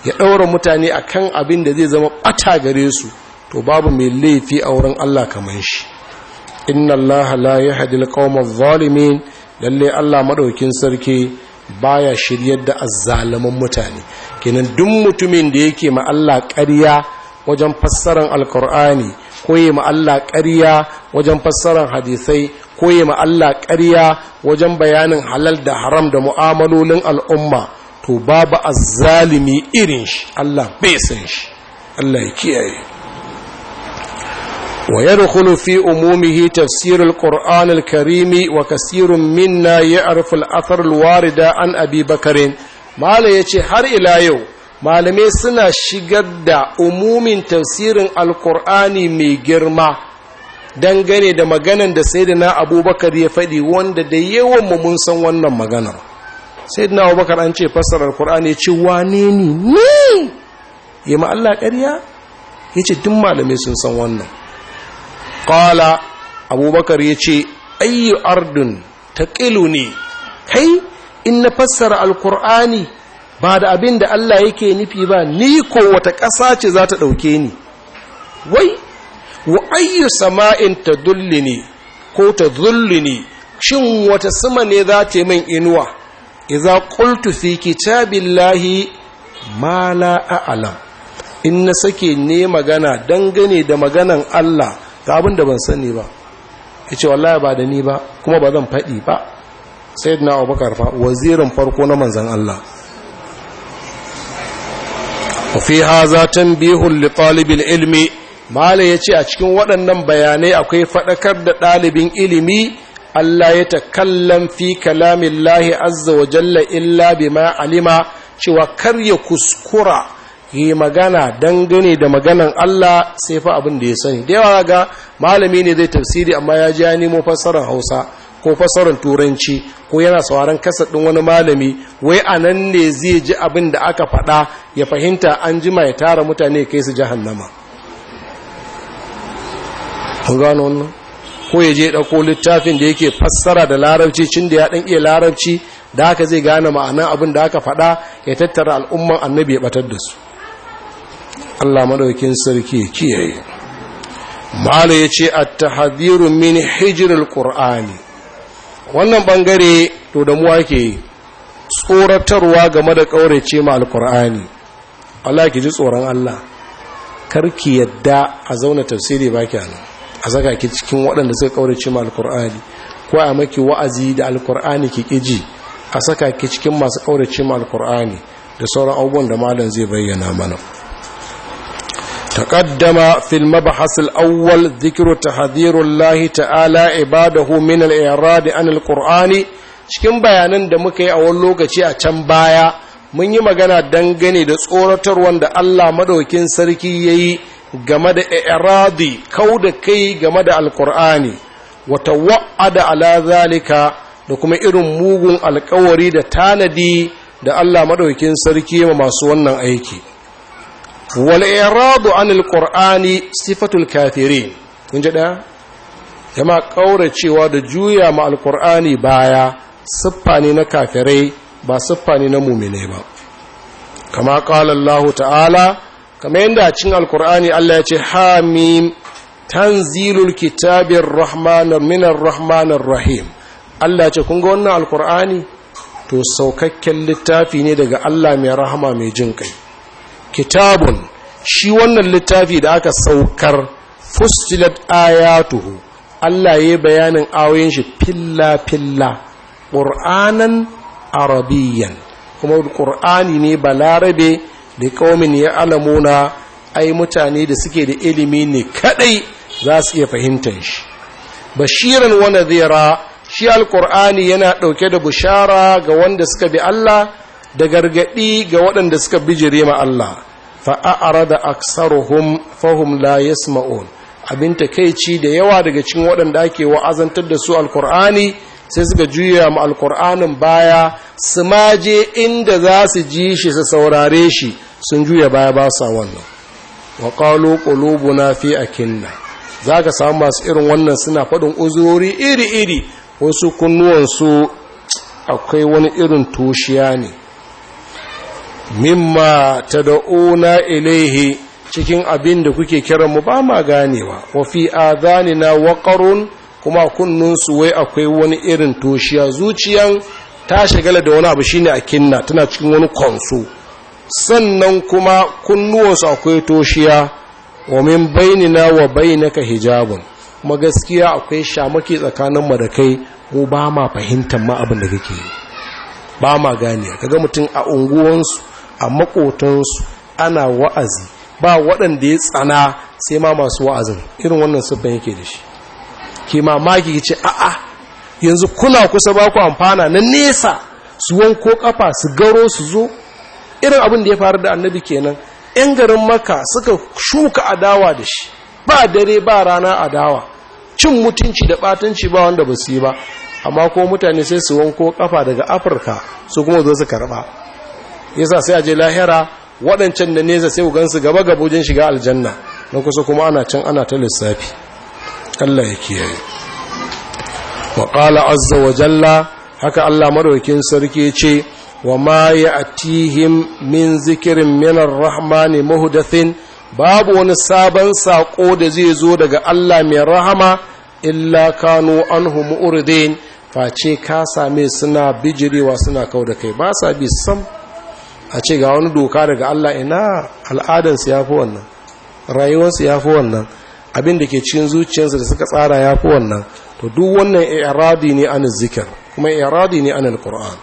ya ɗaura mutane akan abin da zai zama ɓata gare su to babu mai laifi a wurin Allah kamar shi inna Allah la yahdi al-qawma adh-dhalimin lalle Allah maɗaukin sarki baya shiryar da azzalaman mutane kenan duk mutumin da yake ma Allah ƙarya wajen fassarar alkur'ani ko yi ma Allah ƙarya wajen fassarar hadisai ko yi ma Allah ƙarya wajen bayanin halal da haram da mu'amalolin al'umma to babu azzalimi irin shi Allah bai san shi Allah ya kiyaye ويدخل في أمومه تفسير القرآن الكريم وكثير منا يعرف الأثر الوارد عن أبي بكر ما لا يتي هر إلى يوم malamai suna shigar da umumin tafsirin alkur'ani mai girma dangane da maganan da sayyidina abubakar ya faɗi wanda da yawan mu mun san wannan maganar sayyidina abubakar an ce fassarar qur'ani ce wane ne ne ya ma Allah ƙarya yace duk malamai sun san wannan ƙala abubakar ya ce ayyu ardun ta ne kai in na fassara alkur'ani ba da abin da Allah yake nufi ba ni ko wata ƙasa ce za ta ɗauke ni wai wa ayyu sama'in ta ne, ko ta ne, shin wata sama ne za ta min inuwa iza qultu fi kitabillahi ma la in na sake ne magana dangane da maganan Allah ga abin da ban sani ba ya ce wallahi ba da ni ba kuma ba zan faɗi ba sai na abubakar fa wazirin farko na manzan Allah fi haza tanbihun li talibin ilmi mala ya ce a cikin waɗannan bayanai akwai faɗakar da ɗalibin ilimi Allah ya ta kallon fi kalamin lahi azza wa jalla illa ma alima cewa kar ya kuskura yi magana dangane da maganan Allah sai fa abin da ya sani da yawa ga malami ne zai tafsiri amma ya ji ya nemo fassarar Hausa ko fassarar Turanci ko yana sauraron kasar ɗin wani malami wai a nan ne zai ji abin da aka faɗa ya fahimta an jima ya tara mutane kai su jahannama gano wannan ko ya je ɗauko littafin da yake fassara da larabci cin da ya ɗan iya larabci da haka zai gane ma'anan abin da aka faɗa ya tattara al'umman annabi ya ɓatar da su Allah madaukin sarki kiyaye mala yace at-tahdhiru min hijril qur'ani wannan bangare to da mu ake tsoratarwa game da kaurace ma alqur'ani Allah ki ji tsoron Allah kar ki yadda a zauna tafsiri baki nan a saka ki cikin waɗanda suka kaurace ma alqur'ani ko a maki wa'azi da alqur'ani ki kiji a saka ki cikin masu kaurace ma alqur'ani da sauran abubuwan da malam zai bayyana mana تقدم في المبحث الأول ذكر تحذير الله تعالى عباده من الإعراض عن القرآن cikin bayanan da muka yi a wani lokaci a can baya mun yi magana dangane da tsoratar wanda Allah madaukin sarki ya yi game da iradi kau da kai game da alkur'ani wata wa'ada ala zalika da kuma irin mugun alkawari da tanadi da Allah madaukin sarki ma masu wannan aiki wal anil kur'ani sifatul kafirin kun ji daya jama kauracewa da juya ma alqur'ani baya siffa ne na kafirai ba siffa ne na mumine ba kama qala Allah ta'ala kama yanda a cikin alqur'ani Allah ya ce hamim tanzilul kitabir rahmanar minar rahmanar rahim Allah ce kun ga wannan alqur'ani to saukakken littafi ne daga Allah mai rahama mai jin kai kitabun shi wannan littafi da aka saukar fustilat ayatuhu Allah ya bayanin ayoyin shi filla-filla ƙur'anan arabiyyan kuma ƙur'ani ne ba larabe da ƙaumin ya alamuna ai mutane da suke da ilimi ne kaɗai za su iya fahimtar shi bashiran wani zira shi alƙur'ani yana ɗauke da bushara ga wanda suka bi Allah da gargadi ga waɗanda suka bijire ma Allah fa'a'ra da aksaruhum fahum la yasma'un abin takeici da yawa daga cikin waɗanda ake wa'azantar da su alkur'ani sai suka juya ma alkur'anin baya su maje inda za su ji shi su saurare shi sun juya baya ba sa wannan wa qalu qulubuna fi akinna zaka samu masu irin wannan suna faɗin uzuri iri iri wasu kunnuwansu akwai wani irin toshiya ne mimma tad'una ilaihi cikin abin da kuke kiran mu ba ma ganewa wa fi adanina waqarun kuma kunnun su wai akwai wani irin toshiya zuciyan ta shagala da wani abu shine a kinna tana cikin wani konso sannan kuma kunnuwansu akwai toshiya wa min bainina wa bainaka hijabun kuma gaskiya akwai shamaki tsakanin mu da kai mu ba ma fahimtar ma abin da kake ba ma ganewa kaga mutum a unguwansu a makotansu ana wa'azi ba waɗanda ya tsana sai ma masu wa'azin irin wannan sabbin yake da shi ke mamaki ce a'a yanzu kuna kusa ba ku amfana na nesa su wanko kafa su garo su zo irin abin da ya faru da annabi kenan yan garin maka suka shuka adawa da shi ba dare ba rana adawa cin mutunci da batunci ba wanda ba su yi ba amma ko mutane sai su wanko kafa daga afirka su kuma zo su karba yasa sai a je lahira waɗancan da nesa sai gansu gaba gaba wajen shiga aljanna don kusa kuma ana can ana ta lissafi Allah ya kiyaye wa qala azza wa jalla haka Allah madaukakin sarki yace wa ma ya'tihim min zikirin min arrahman muhdathin babu wani sabon sako da zai zo daga Allah mai rahama illa kanu anhu mu'ridin face ka same suna bijirewa suna kauda kai ba sa bi sam a ce ga wani doka daga Allah ina al'adansu ya fi wannan rayuwarsu ya fi wannan abin ke cikin zuciyarsu da suka tsara ya fi wannan to duk wannan iradi ne an zikir kuma iradi ne an alkur'an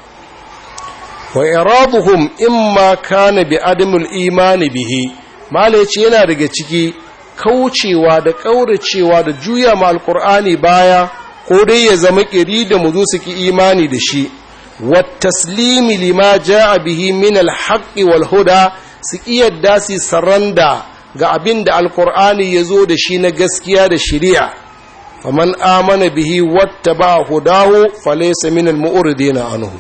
wa iraduhum imma kana bi adamul imani bihi ce yana daga ciki kaucewa da kauracewa da juya ma alkur'ani baya ko dai ya zama kiri da mu zo su ki imani da shi wattaslimi lima ja'a bihi min alhaqqi wal huda su kiyarda su saranda ga abin da alkur'ani ya zo da shi na gaskiya da shari'a faman amana bihi watta ba hudahu falaisa minal mu'urdina anhu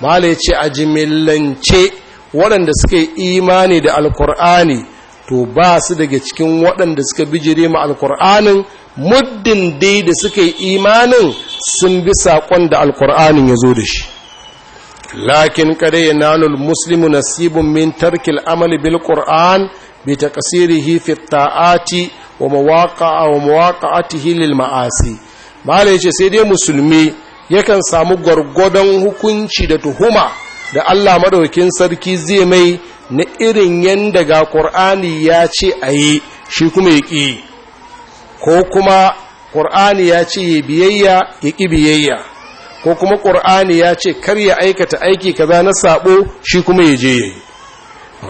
mala ya ce a jimillance waɗanda suka yi imani da alkur'ani to ba su daga cikin waɗanda suka bijire ma alkur'anin muddin dai da suka yi imanin sun bi saƙon da alkur'anin ya zo da shi lakin kada yanalul muslimu nasibun min tarkil amali bil qur'an bi taqsirihi fi ta'ati wa mawaqa'a wa mawaqa'atihi lil ma'asi mala yace sai dai musulmi yakan samu gwargwadon hukunci da tuhuma da Allah madaukin sarki zai mai na irin yanda ga qur'ani ya ce ayi shi kuma ya ko kuma qur'ani ya ce biyayya ya ƙi biyayya ko kuma ƙur'ani ya ce kar ya aikata aiki kaza na saɓo shi kuma ya je yi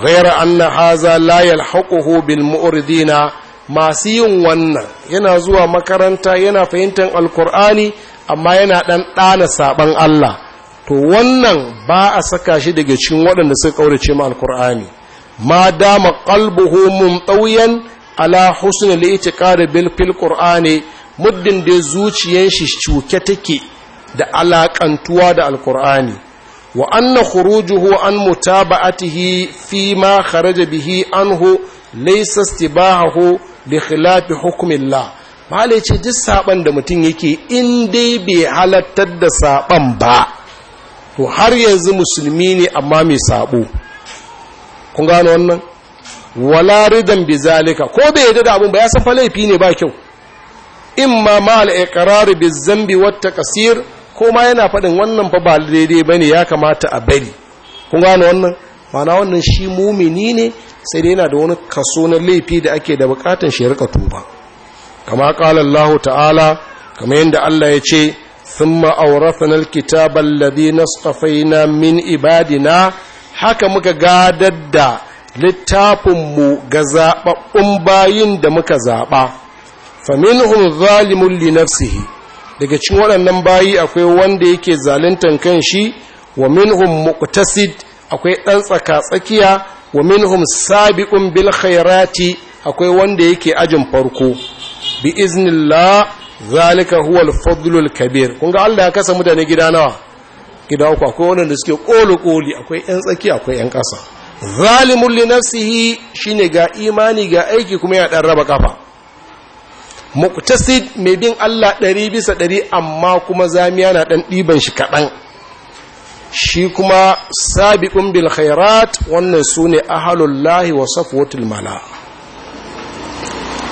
ghaira anna haza la yalhaquhu bil mu'ridina masu yin wannan yana zuwa makaranta yana fahimtar alkur'ani amma yana dan dana saban Allah to wannan ba a saka shi daga cikin waɗanda suka kaurace ma alkur'ani ma dama qalbuhu mumtawiyan ala husnul i'tiqad bil fil qur'ani muddin da zuciyar shi cuke take da alakantuwa da alkur'ani wa anna khurujuhu an mutaba'atihi fi ma kharaja bihi anhu laysa istibahu li khilafi hukmillah malai ce duk saban da mutum yake in dai bai halattar da saban ba to har yanzu musulmi ne amma mai sabo kun gano wannan wala ridan bizalika ko bai yadda da abun ba ya san fa laifi ne ba kyau imma ma al iqrar bil zambi wat taqsir ko ma yana faɗin wannan fa ba daidai ba ne ya kamata a bari kun gane wannan mana wannan shi mumini ne sai dai yana da wani kaso na laifi da ake da bukatan shi rika tuba kama kala Allah ta'ala kama yadda Allah ya ce thumma awrathna alkitaba alladhina na min ibadina haka muka gadar da littafin mu ga zaɓaɓɓun bayin da muka zaɓa faminhum zalimun li nafsihi daga cikin waɗannan bayi akwai wanda yake zaluntar kan shi wa minhum muktasid akwai ɗan tsaka tsakiya wa minhum sabiqun bil khairati akwai wanda yake ajin farko bi iznillah zalika huwa al al kabir kun ga Allah ya kasa mutane gida nawa gida uku akwai wanda suke kolu koli akwai ƴan tsakiya akwai ƴan ƙasa zalimul li nafsihi shine ga imani ga aiki kuma ya dan raba kafa muktasid mai bin Allah ɗari bisa ɗari amma kuma zamiya na ɗan ɗiban shi kaɗan shi kuma sabi bil khairat wannan su ne ahalullahi wa safuwatul mala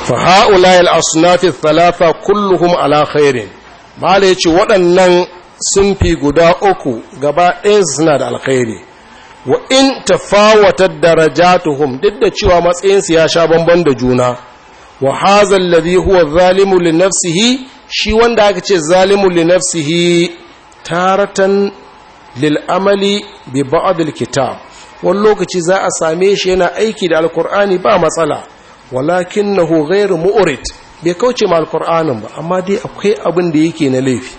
fa haula al asnaf thalatha kulluhum ala khairin mala yace waɗannan fi guda uku gaba ɗaya suna da alkhairi wa in daraja darajatuhum duk da cewa matsayinsu ya sha bamban da juna wa hazal ladhi huwa zalimu li nafsihi shi wanda aka ce zalimu li nafsihi taratan lil'amali, bi ba'd kitab wani lokaci za a same shi yana aiki da alkur'ani ba matsala walakinahu ghairu mu'urit. bai kauce ma alkur'anin ba amma dai akwai abin da yake na laifi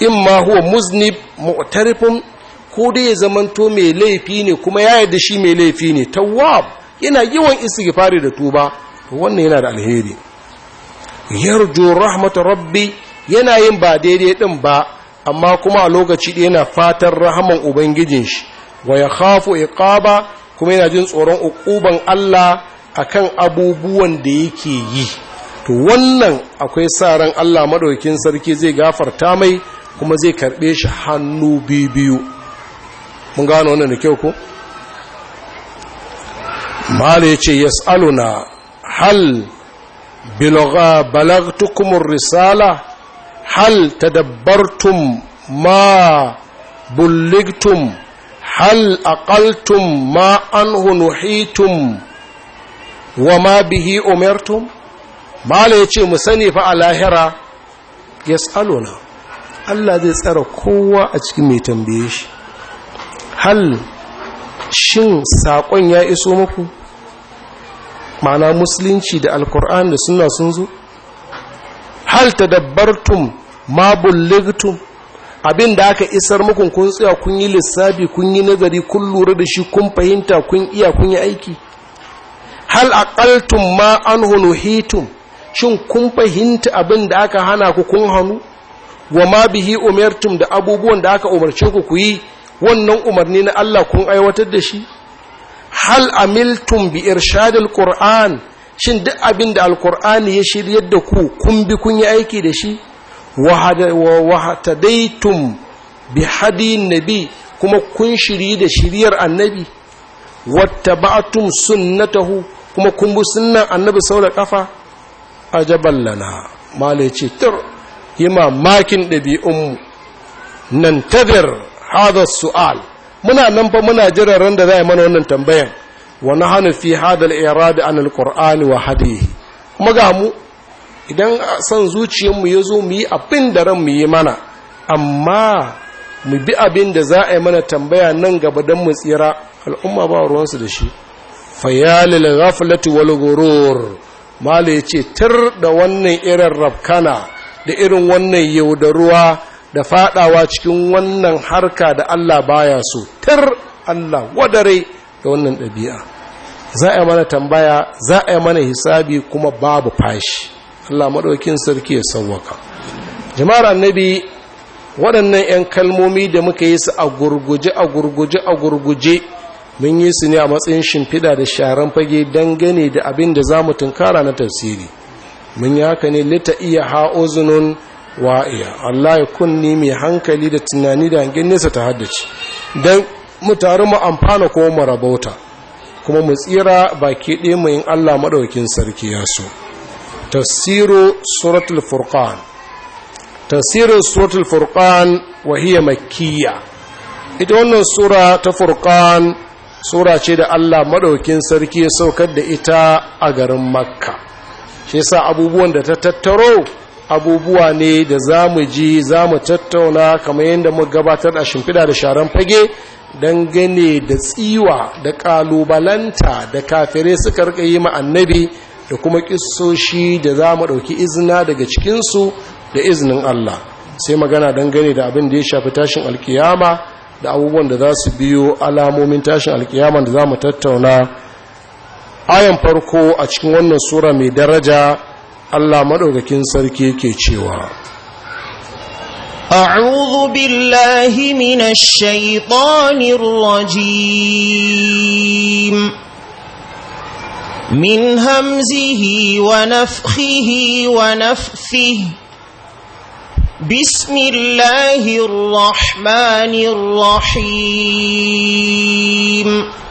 in ma huwa muznib mu'tarifun ko dai ya zamanto mai laifi ne kuma ya yadda shi mai laifi ne tawwab yana yawan fari da tuba wannan yana da alheri Yarjo rahmatu rabbi yana yin ba daidai din ba amma kuma a lokaci da yana fatan rahaman ubangijin shi wa ya khafu iqaba kuma yana jin tsoron uquban Allah akan abubuwan da yake yi to wannan akwai sa ran Allah madaukakin sarki zai gafarta mai kuma zai karbe shi hannu bibiyu. mun gano wannan da kyau ko mala yace yas'aluna hal balagtukum risala hal tadabbartum ma bulligtum hal aqaltum ma anhu nuhitum wa ma bihi umirtum mala yace mu sani fa a lahira yasaluna Allah zai tsara kowa a cikin mai tambaye shi hal shin saƙon ya iso muku ma'ana musulunci da alkur'an da suna sun zo hal ta ma bulligtum abin da aka isar muku kun tsaya kun yi lissafi kun yi nazari kun lura da shi kun fahimta kun iya kun yi aiki hal aqaltum ma anhu hitum shin kun fahimta abin da aka hana ku kun hanu wa ma bihi umirtum da abubuwan da aka umarce ku ku yi wannan umarni na Allah kun aiwatar da shi hal amiltum bi irshadil qur'an shin duk abin da alqur'ani ya shiryar da ku kun bi kun yi aiki da shi wa hatadaitum bi hadiyin nabi kuma kun shiri da shiryar annabi wattaba'tum sunnatahu kuma kun bi sunnan annabi sau da kafa ajabal malai ce tur yi mamakin ɗabi'unmu nan tadir hadha su'al muna nan ba muna jiran ran da za a mana wannan tambayan wa hannu fi hadal al-irad an al wa hadihi kuma ga mu idan san zuciyar mu yazo mu yi abin da ran mu yi mana amma mu bi abin da za a yi mana tambaya nan gaba dan mu tsira al'umma ba ruwan su da shi fayalil ghaflati wal ghurur mala yace tir da wannan irin rabkana da irin wannan yaudaruwa da fadawa cikin wannan harka da Allah baya so tar Allah wadare da wannan ɗabi'a za a yi mana tambaya za a yi mana hisabi kuma babu fashi Allah maɗaukin sarki ya sauwaka jama'ar annabi waɗannan 'yan kalmomi da muka yi su a gurguje a gurguje a gurguje mun yi su ne a matsayin shimfiɗa da sharan fage dangane da abin da za mu tunkara na tafsiri mun yi haka ne lita iya ha'uzunun wa'iya Allah ya kunni mai hankali da tunani da hangen nesa ta haddace don mu taru mu amfana ko mu rabauta kuma mu tsira baki ɗaya mu yin Allah maɗaukin sarki ya so tasirin suratul furqan tafsirin suratul furqan wa hiya makkiya ita wannan sura ta furqan sura ce da Allah maɗaukin sarki ya saukar da ita a garin makka shi yasa abubuwan da ta tattaro abubuwa ne da za mu ji za mu tattauna kamar yadda mu gabatar a shimfiɗa da sharan fage dangane da tsiwa da ƙalubalanta da kafirai suka rika yi annabi da kuma ƙisoshi da za mu ɗauki izina daga cikinsu da izinin Allah sai magana dangane da abin da ya shafi tashin alkiyama da abubuwan da za su biyo alamomin tashin alkiyama da za mu tattauna ayan farko a cikin wannan sura mai daraja Allah madaukakin sarki yake cewa أعوذ بالله من الشيطان الرجيم من همزه ونفخه ونفثه بسم الله الرحمن الرحيم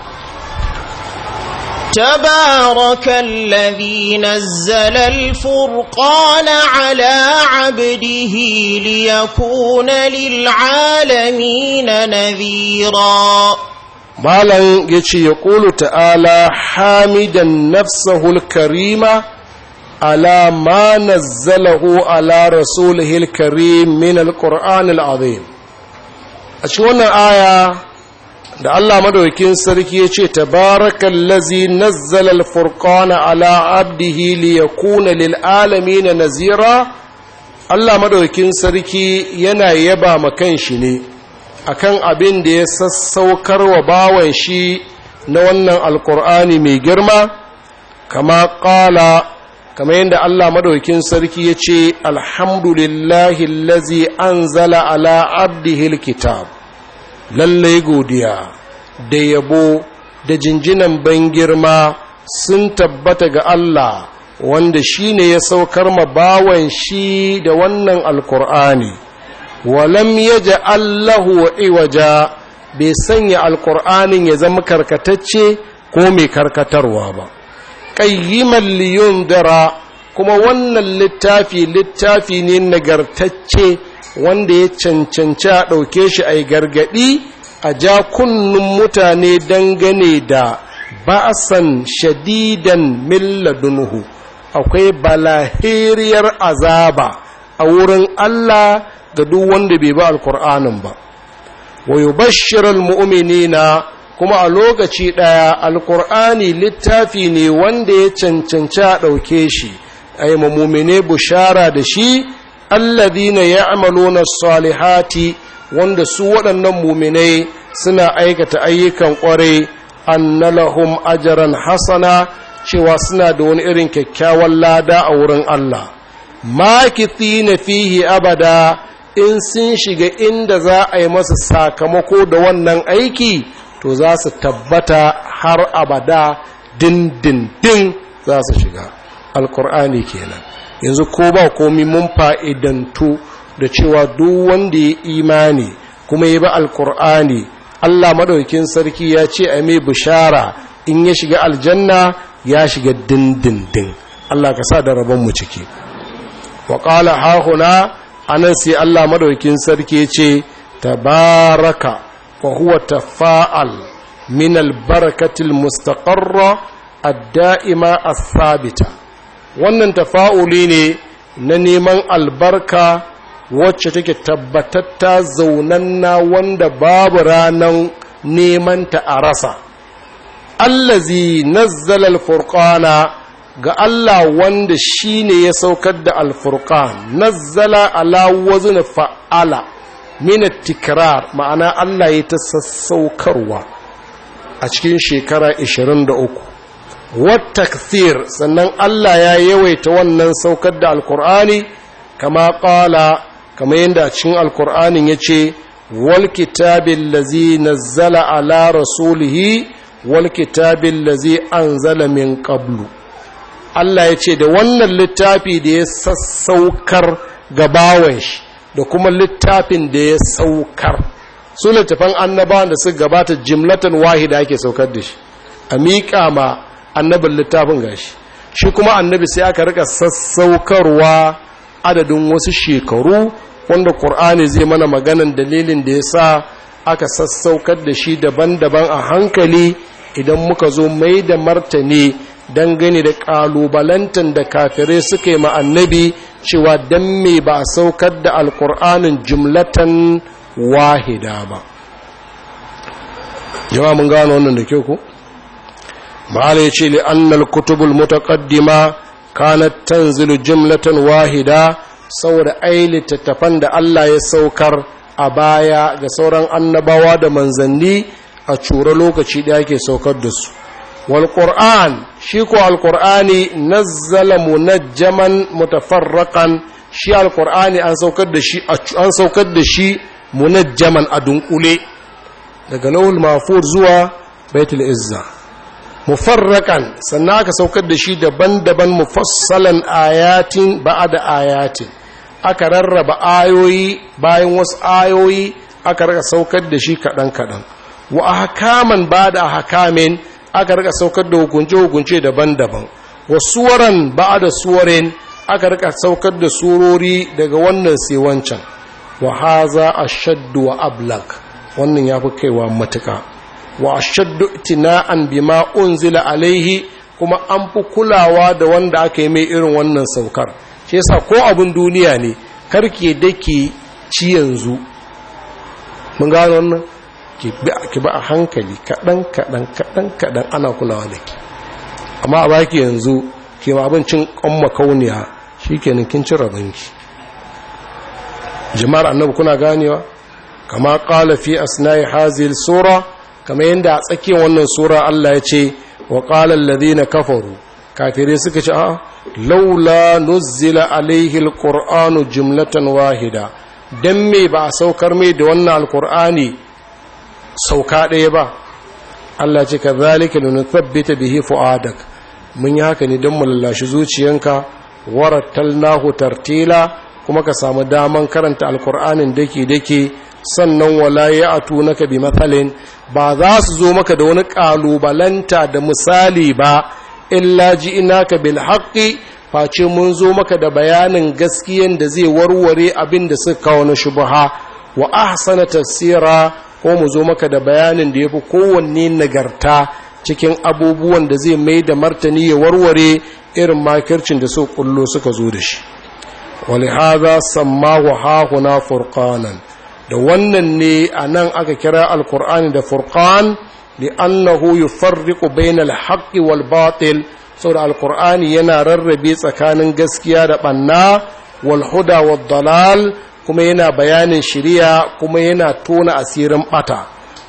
تبارك الذي نزل الفرقان على عبده ليكون للعالمين نذيرا مالن يجي يقول تعالى حامدا نفسه الكريمة على ما نزله على رسوله الكريم من القرآن العظيم أشونا آية da Allah madaukin sarki ya ce tabarakal lazi nazzala al ala abdihi ya yakuna liL'alami na nazira Allah madaukin sarki yana yaba ma kanshi ne akan abin da ya sassaukar wa bawan shi na wannan alkur'ani mai girma kama kala kama yadda Allah madaukin sarki ya ce alhamdulillahi lazi anzala ala abdihi kitab lallai godiya da yabo da jinjinan ban girma sun tabbata ga Allah wanda shi ne ya saukar ma bawan shi da wannan alkur'ani walam ya ja Allahu iwaja bai sanya alkur'anin ya zama karkatacce ko mai karkatarwa ba ƙayyiman liyon dara kuma wannan littafi littafi ne nagartacce wanda ya cancanci a ɗauke shi a yi gargaɗi a ja kunnun mutane dangane da ba'asan shadidan milladunuhu akwai balahiriyar azaba a wurin Allah ga duk wanda bai ba alkur'anin ba wa bashirar mu'minina kuma a lokaci ɗaya alkur'ani littafi ne wanda ya cancanci a ɗauke shi a yi mummune bushara da shi alladhina ya'maluna salihati wanda su waɗannan muminai suna aikata ayyukan ƙwarai annalahum ajaran hasana cewa suna da wani irin kyakkyawan lada a wurin Allah makithi na fihi abada in sun shiga inda za a yi masa sakamako da wannan aiki to za su tabbata har abada din-din-din za su shiga alkur'ani kenan yanzu ko ba komi mun fa'idantu da cewa duk wanda ya imani kuma ya ba alkur'ani Allah maɗaukin sarki ya ce a mai bishara in ya shiga aljanna ya shiga dindindin Allah ka sa da rabonmu ciki waƙala ƙala hahuna nan sai Allah maɗaukin sarki ce tabaraka wa huwa tafa'al min albarakatil mustaqarra adda'ima daima as-sabita wannan tafa'uli ne na neman albarka wacce take tabbatatta na wanda babu ranar ta a rasa allazi nazzala alfurqana ga Allah wanda shine ya saukar da alfurqan nazzala ala wazn fa'ala min tikrar ma'ana Allah ya ta sassaukarwa a cikin shekara 23 wattakthir sannan Allah ya yawaita wannan saukar da alkur'ani kama ƙala kama yadda cikin alkur'anin ya ce wal kitabin lazi nazzala ala rasulihi wal kitabin lazi anzala min qablu Allah ya ce da wannan littafi da ya sassaukar gabawan shi da kuma littafin da ya saukar su littafan annabawan da suka gabata jimlatan wahida ake saukar da shi a miƙa ma annabin littafin gashi shi kuma annabi sai aka rika sassaukarwa adadin wasu shekaru wanda ƙur'ani zai mana maganan dalilin da ya sa aka sassaukar da shi daban-daban a hankali idan muka zo mai da martani dangane da ƙalubalantan da kafirai suka yi ma annabi cewa dan mai ba a saukar da alƙur'anin jumlatan wahida ba yawa mun gano wannan da kyau ko mala yace li annal kutubul mutaqaddima kanat tanzilu jumlatan wahida saboda ai littattafan da Allah ya saukar a baya ga sauran annabawa da manzanni a cura lokaci da yake saukar da su wal qur'an shi ko al qur'ani nazzala munajjaman mutafarraqan shi al qur'ani an saukar da shi an saukar da shi munajjaman a dunkule daga lawul mafur zuwa baitul izza mufarrakan sannan aka saukar da shi daban-daban mufassalan ayatin ba'ada ayatin aka rarraba ayoyi bayan wasu ayoyi aka raka saukar da shi kaɗan-kaɗan wa hakaman ba da hakamin aka raka saukar da hukunce-hukunce daban-daban wa suwaran ba da suwarin aka rika saukar da surori daga wannan sai wancan wa haza shaddu wa ablak wannan ya fi kaiwa matuka wa shaddu itina'an bima unzila alaihi kuma an fi kulawa da wanda aka yi mai irin wannan saukar shi yasa ko abin duniya ne karke dake ci yanzu mun gano wannan ki ba a hankali kaɗan kaɗan kaɗan kaɗan ana kulawa da ki amma a baki yanzu ke ma abincin ƙon makauniya shi ke kin cire banki jama'ar annabi kuna ganewa kama kala fi asnai hazil sura kamar yadda a tsakiyar wannan sura Allah ya ce wa qala na kafaru kafirai suka ce a laula nuzila alaihil ƙor'anu jumlatan wahida Don me ba a saukar mai da wannan alƙor'ani sauka ɗaya ba Allah ce nuna lunuthabbita bihi fuadak mun yi haka ne don mu lallashi zuciyanka warattalnahu tela, kuma ka samu daman karanta alqur'anin dake dake sannan wala ya atu naka bi matsalin ba za su zo maka da wani kalubalanta da misali ba illa ji ka bil haqqi face mun zo maka da bayanin gaskiyan da zai warware abin da suka kawo na shubha wa ahsana tafsira ko mu zo maka da bayanin da yafi kowanne nagarta cikin abubuwan da zai mai da martani ya warware irin makircin da su kullo suka zo da shi ولهذا سماه ها هنا da wannan ne a nan aka kira alkur'ani da annahu li'annahu yufarriqu bainal haqqi wal batil saboda alkur'ani yana rarrabe tsakanin gaskiya da ɓanna, wal huda wal dalal kuma yana bayanin shiriya kuma yana tona asirin ɓata.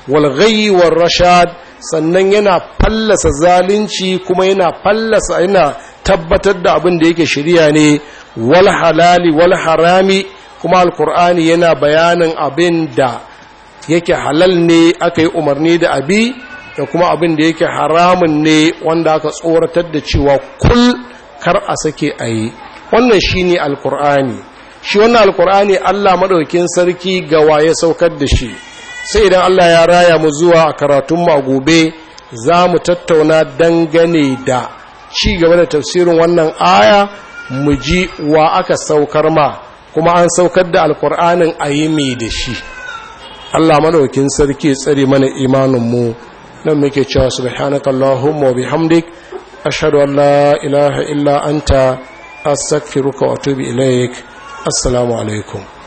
wal ghayyi rashad sannan yana fallasa zalunci kuma yana fallasa yana tabbatar da abin da yake shiriya ne wal halali wal harami kuma alkur'ani yana bayanin abin da yake halal ne aka yi umarni da abi da kuma abin da yake haramun ne wanda aka tsoratar da cewa kul kar a sake a yi wannan shi ne alkur'ani shi wannan alkur'ani allah maɗaukin sarki gawa ya saukar da shi sai idan allah ya raya mu zuwa a karatunmu a gobe za mu tattauna dangane da ci gaba da tafsirin wannan aya mu ji wa aka saukar ma kuma an saukar da alkur'anin a yi mai da shi allah madaukin sarki tsare mana imaninmu nan muke cewa su allahumma wa mawabi hamdik a la ilaha illa anta ruka wato bi ilaik assalamu alaikum